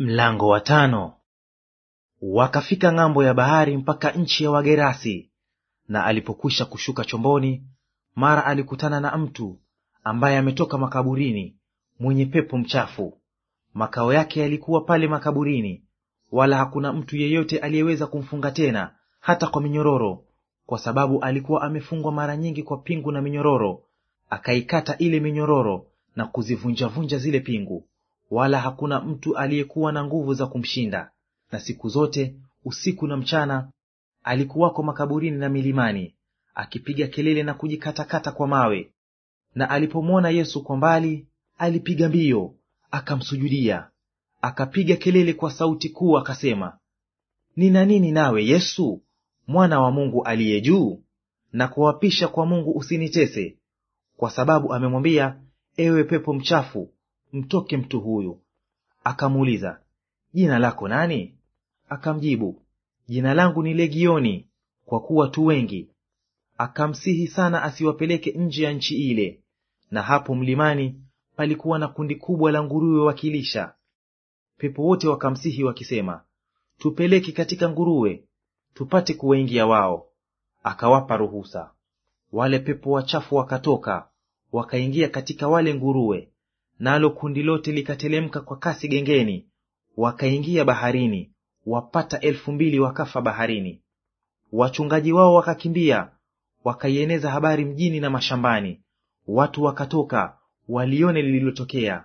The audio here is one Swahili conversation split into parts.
Mlango wa tano. Wakafika ng'ambo ya bahari mpaka nchi ya Wagerasi. Na alipokwisha kushuka chomboni, mara alikutana na mtu ambaye ametoka makaburini, mwenye pepo mchafu. Makao yake yalikuwa pale makaburini, wala hakuna mtu yeyote aliyeweza kumfunga tena, hata kwa minyororo, kwa sababu alikuwa amefungwa mara nyingi kwa pingu na minyororo; akaikata ile minyororo na kuzivunjavunja zile pingu wala hakuna mtu aliyekuwa na nguvu za kumshinda. Na siku zote usiku na mchana alikuwako makaburini na milimani, akipiga kelele na kujikatakata kwa mawe. Na alipomwona Yesu kwa mbali, alipiga mbio akamsujudia, akapiga kelele kwa sauti kuu, akasema, nina nini nawe, Yesu mwana wa Mungu aliye juu? Na kuwapisha kwa Mungu usinitese, kwa sababu amemwambia, ewe pepo mchafu mtoke mtu huyu. Akamuuliza, jina lako nani? Akamjibu, jina langu ni Legioni, kwa kuwa tu wengi. Akamsihi sana asiwapeleke nje ya nchi ile. Na hapo mlimani palikuwa na kundi kubwa la nguruwe wakilisha. Pepo wote wakamsihi wakisema, tupeleke katika nguruwe tupate kuwaingia wao. Akawapa ruhusa. Wale pepo wachafu wakatoka wakaingia katika wale nguruwe, nalo kundi lote likatelemka kwa kasi gengeni, wakaingia baharini, wapata elfu mbili wakafa baharini. Wachungaji wao wakakimbia, wakaieneza habari mjini na mashambani. Watu wakatoka walione lililotokea,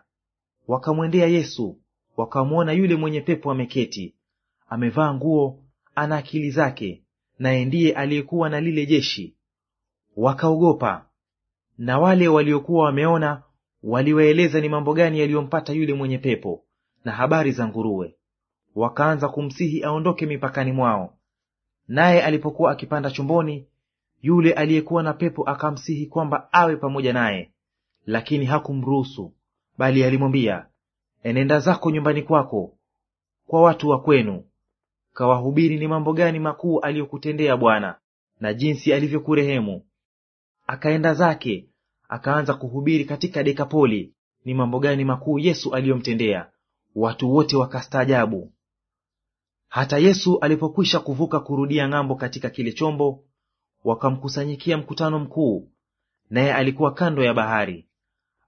wakamwendea Yesu, wakamwona yule mwenye pepo ameketi, amevaa nguo, ana akili zake, naye ndiye aliyekuwa na lile jeshi. Wakaogopa. Na wale waliokuwa wameona waliwaeleza ni mambo gani yaliyompata yule mwenye pepo na habari za nguruwe. Wakaanza kumsihi aondoke mipakani mwao. Naye alipokuwa akipanda chomboni, yule aliyekuwa na pepo akamsihi kwamba awe pamoja naye, lakini hakumruhusu, bali alimwambia, enenda zako nyumbani kwako kwa watu wa kwenu, kawahubiri ni mambo gani makuu aliyokutendea Bwana na jinsi alivyokurehemu. Akaenda zake akaanza kuhubiri katika Dekapoli ni mambo gani makuu Yesu aliyomtendea. Watu wote wakastaajabu. Hata Yesu alipokwisha kuvuka kurudia ng'ambo katika kile chombo, wakamkusanyikia mkutano mkuu, naye alikuwa kando ya bahari.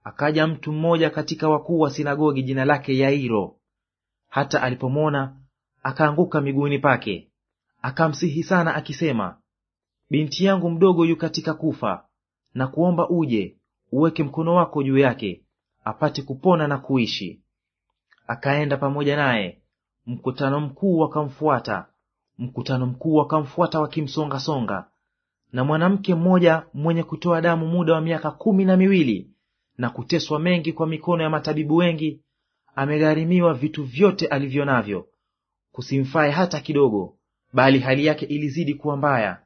Akaja mtu mmoja katika wakuu wa sinagogi, jina lake Yairo. Hata alipomwona akaanguka miguuni pake, akamsihi sana akisema, binti yangu mdogo yu katika kufa na kuomba uje uweke mkono wako juu yake apate kupona na kuishi. Akaenda pamoja naye, mkutano mkuu wakamfuata, mkutano mkuu wakamfuata wakimsongasonga. Na mwanamke mmoja mwenye kutoa damu muda wa miaka kumi na miwili na kuteswa mengi kwa mikono ya matabibu wengi, amegharimiwa vitu vyote alivyo navyo, kusimfae hata kidogo, bali hali yake ilizidi kuwa mbaya.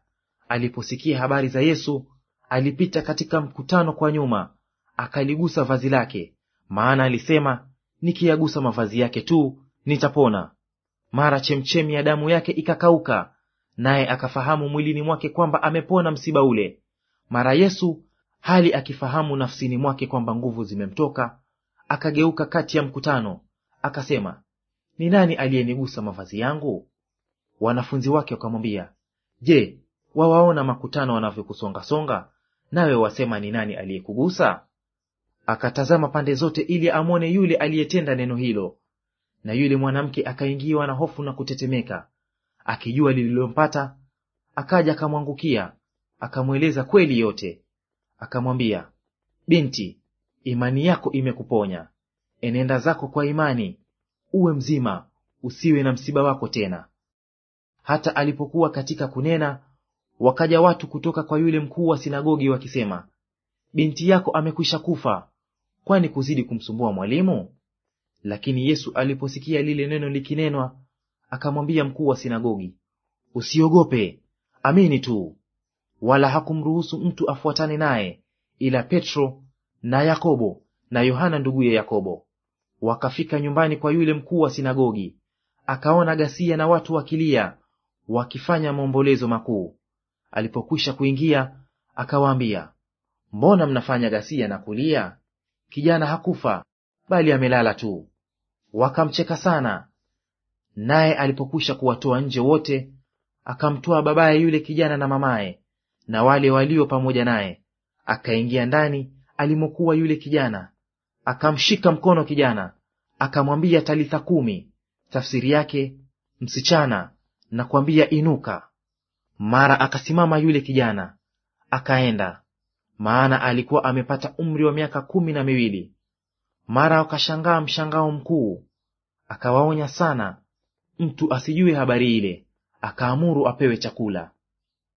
Aliposikia habari za Yesu, alipita katika mkutano kwa nyuma, akaligusa vazi lake, maana alisema, nikiyagusa mavazi yake tu nitapona. Mara chemchemi ya damu yake ikakauka, naye akafahamu mwilini mwake kwamba amepona msiba ule. Mara Yesu hali akifahamu nafsini mwake kwamba nguvu zimemtoka, akageuka kati ya mkutano, akasema, ni nani aliyenigusa mavazi yangu? Wanafunzi wake wakamwambia, Je, wawaona makutano wanavyokusongasonga nawe wasema ni nani aliyekugusa? Akatazama pande zote ili amwone yule aliyetenda neno hilo. Na yule mwanamke akaingiwa na hofu na kutetemeka, akijua lililompata, akaja akamwangukia, akamweleza kweli yote. Akamwambia, binti, imani yako imekuponya, enenda zako kwa imani, uwe mzima, usiwe na msiba wako tena. Hata alipokuwa katika kunena, Wakaja watu kutoka kwa yule mkuu wa sinagogi wakisema, binti yako amekwisha kufa, kwani kuzidi kumsumbua mwalimu? Lakini Yesu aliposikia lile neno likinenwa, akamwambia mkuu wa sinagogi, usiogope, amini tu. Wala hakumruhusu mtu afuatane naye ila Petro na Yakobo na Yohana nduguye Yakobo. Wakafika nyumbani kwa yule mkuu wa sinagogi, akaona ghasia na watu wakilia wakifanya maombolezo makuu. Alipokwisha kuingia, akawaambia, mbona mnafanya ghasia na kulia? Kijana hakufa, bali amelala tu. Wakamcheka sana. Naye alipokwisha kuwatoa nje wote, akamtoa babaye yule kijana na mamaye na wale walio pamoja naye, akaingia ndani alimokuwa yule kijana, akamshika mkono kijana, akamwambia talitha kumi, tafsiri yake msichana, na kuambia inuka. Mara akasimama yule kijana akaenda, maana alikuwa amepata umri wa miaka kumi na miwili. Mara wakashangaa mshangao mkuu. Akawaonya sana mtu asijue habari ile, akaamuru apewe chakula.